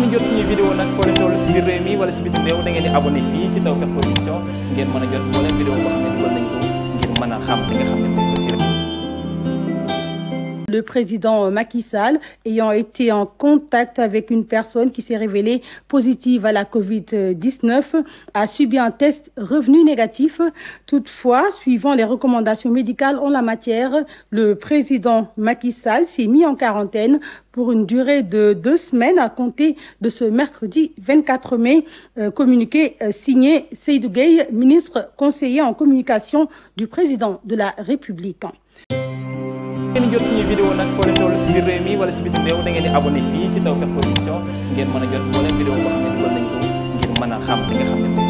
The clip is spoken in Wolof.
ngeen jot suñu vidéo nag foo leen toll si biir réew mi ngeen di abonné fii si Tawfekh Production ngeen mën a jot moo leen vidéo boo xam ne le président Macky Sall ayant été en contact avec une personne qui s'est révélée positive à la Covid-19 a subi un test revenu négatif. Toutefois, suivant les recommandations médicales en la matière, le président Macky Sall s'est mis en quarantaine pour une durée de deux semaines à compter de ce mercredi 24 mai. Euh, communiqué euh, signé Seydou Gueye, ministre conseiller en communication du président de la République. ngeen jot suñu vidéo nag foo leen toll si biir réew mi wala si biti réew da ngeen di abonné fii ngeen mën jot moo leen vidéo boo xam ne dugal nañ ko ngir mën a xam li nga xam